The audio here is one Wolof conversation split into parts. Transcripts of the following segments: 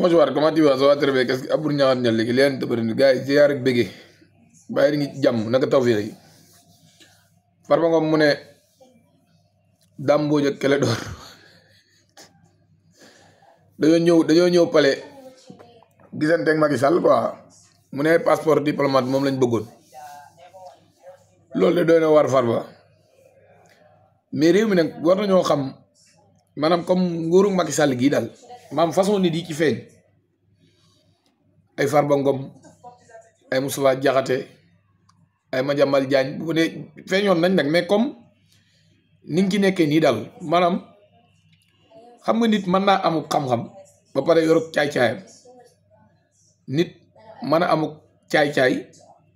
Bonsoir, comment tu vas? Ça va très bien. Qu'est-ce que Abdou Niang ñal léegi leen tëbëri ni taw fii Farba mu ne Dame Mbodj ak Kélé ñëw dañoo ñëw pale gisante ak Macky Sall quoi mu ne passeport diplomate moom lañ bëggoon loolu de doy na war Farba mais réew mi nag war nañoo xam maanaam comme nguuru Macky Sall gii daal maam façon nit yi ci feeñ ay Farba ay Moustapha Diakhaté ay Madiambal Diagne bu dee feeñoon nañ nag mais comme ni ci nekkee nii daal maanaam xam nga nit mën naa amuk xam-xam ba pare yorug caay-caayam nit mën a amuk caay-caay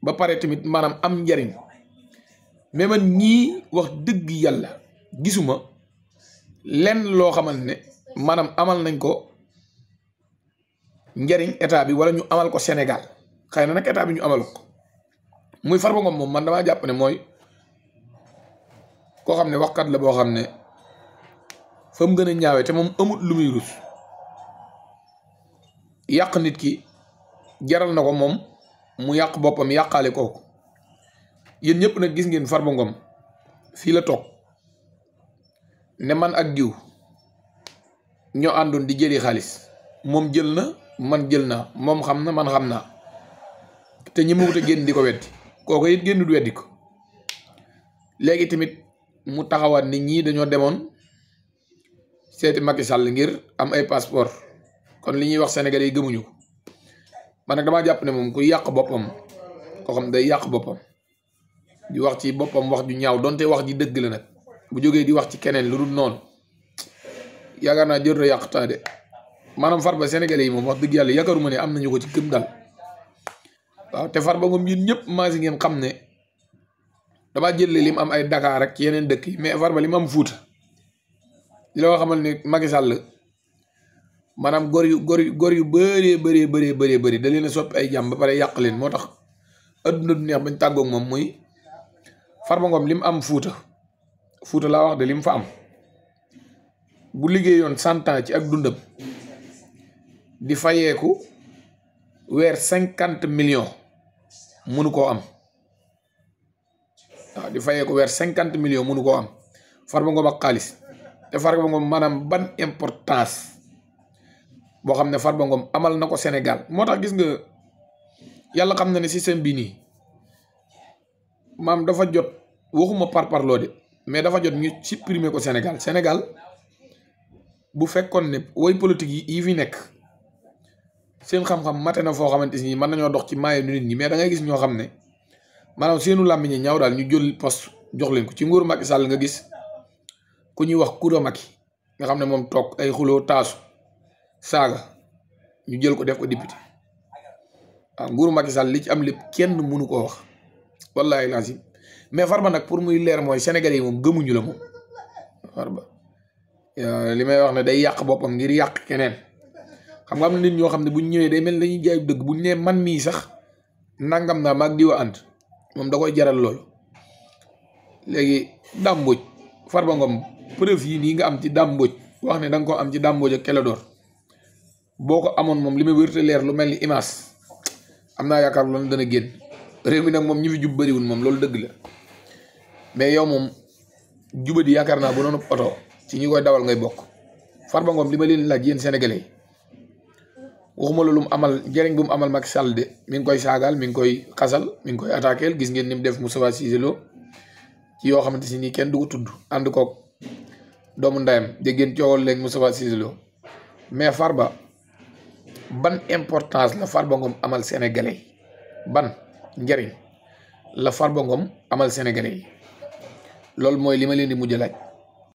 ba pare tamit maanaam am njariñ mais man ñii wax dëgg yàlla gisuma lenn loo xamante ne maanaam amal nañ ko njariñ état bi wala ñu amal ko Sénégal xëy na nag état bi ñu amal muy Farba Ngom moom man damaa jàpp ne mooy koo xam ne waxkat la boo xam ne fa mu gën a ñaawee te moom amut lu muy rus yàq nit ki jaral na ko moom mu yàq boppam yàqaale kooku yéen ñëpp nag gis ngeen Farba Ngom fii la toog ne man ak diw ñoo àndoon di jëli xaalis moom jël na man jël naa moom xam na man xam naa te ñi mu wut a génn di ko weddi kooku it génnut weddi ko léegi tamit mu taxawaat ni ñii dañoo demoon seeti Macky Sall ngir am ay passeport kon li ñuy wax Sénégalais yi gëmuñu ko man nag damaa jàpp ne moom ku yàq boppam koo xam day yàq boppam di wax ci boppam wax ju ñaaw doonte wax ji dëgg la nag bu jógee di wax ci keneen lu dul noonu. yaakaar naa jot a yàq taa de maanaam Farba sénégalais yi moom wax dëgg yàlla yaakaaruma ne am nañu ko ci gëm dal waaw te Farba moom yéen ñëpp maa si ngeen xam ne damaa jëlee lim am ay Dakar rek yeneen dëkk yi mais Farba li mu am Fuuta la xamal ne Macky Sall maanaam gor yu gor yu yu bëree bëree bëree bëree bëri da leen a soppi ay jàmm ba pare yàq leen moo tax adduna du neex bañ tàggook moom mooy Farba Ngom li mu am Fuuta Fuuta laa wax de li mu fa am. bu liggéeyoon cent ans ci ak dundam di fayeeku weer cinquante million mënu koo am waaw di fayeeku weer cinquante millions mënu koo am Farba Ngom ak xaalis te Farba Ngom maanaam ban importance boo xam ne Farba Ngom amal na ko Sénégal moo tax gis nga yàlla xam na ne système bii nii maam dafa jot waxuma par parloo de mais dafa jot ñu prime ko Sénégal Sénégal bu fekkoon ne woy politique yi yi fi nekk seen xam-xam mate na foo xamante ni mën nañoo dox ci maaye nu nit ñi mais da gis ñoo xam ne maanaam seenu làmmiñ ñaw daal ñu jël poste jox leen ko ci nguuru Macky sàll nga gis ku ñuy wax Koura Macky nga xam ne moom toog ay xuloo taasu saaga ñu jël ko def ko député waaw nguuru Macky li ci am lépp kenn mënu koo wax wallaahi lazim mais far Farba nag pour muy leer mooy sénégal yi moom gëmuñu la moom li may wax ne day yàq boppam ngir yàq keneen xam nga am nit ñoo xam ne bu ñëwee day mel ni dañuy jaay dëgg bu ñu nee man mii sax nangam naa maag diwa ànd moom da koy jaral léegi dàmbuj Farba Ngom preuve yi nii nga am ci dàmbuj wax ne da ko am ci dàmbuj ak Kéledor boo ko amoon moom li ma wérte leer lu mel ni image am naa yaakaar loolu dana génn réew mi nag moom ñi fi jub bëriwul moom loolu dëgg la mais yow moom jubadi yaakaar naa bu noonu oto ci ñi koy dawal ngay bokk far Ngom li ma leen laaj yéen sénégalais yi waxuma loolu mu amal njëriñ bu mu amal Macky Sall mi ngi koy saagaal mi ngi koy xasal mi ngi koy attaqueel gis ngeen ni mu def Moustapha Cissé Lo ci yoo xamante si nii kenn du ko tudd ànd koog doomu ndayam dégg ngeen coowal léegi Moustapha Cissé Lo mais ban importance la Farba Ngom amal sénégalais ban njëriñ la Farba amal sénégalais yi loolu mooy li ma leen di mujj laaj.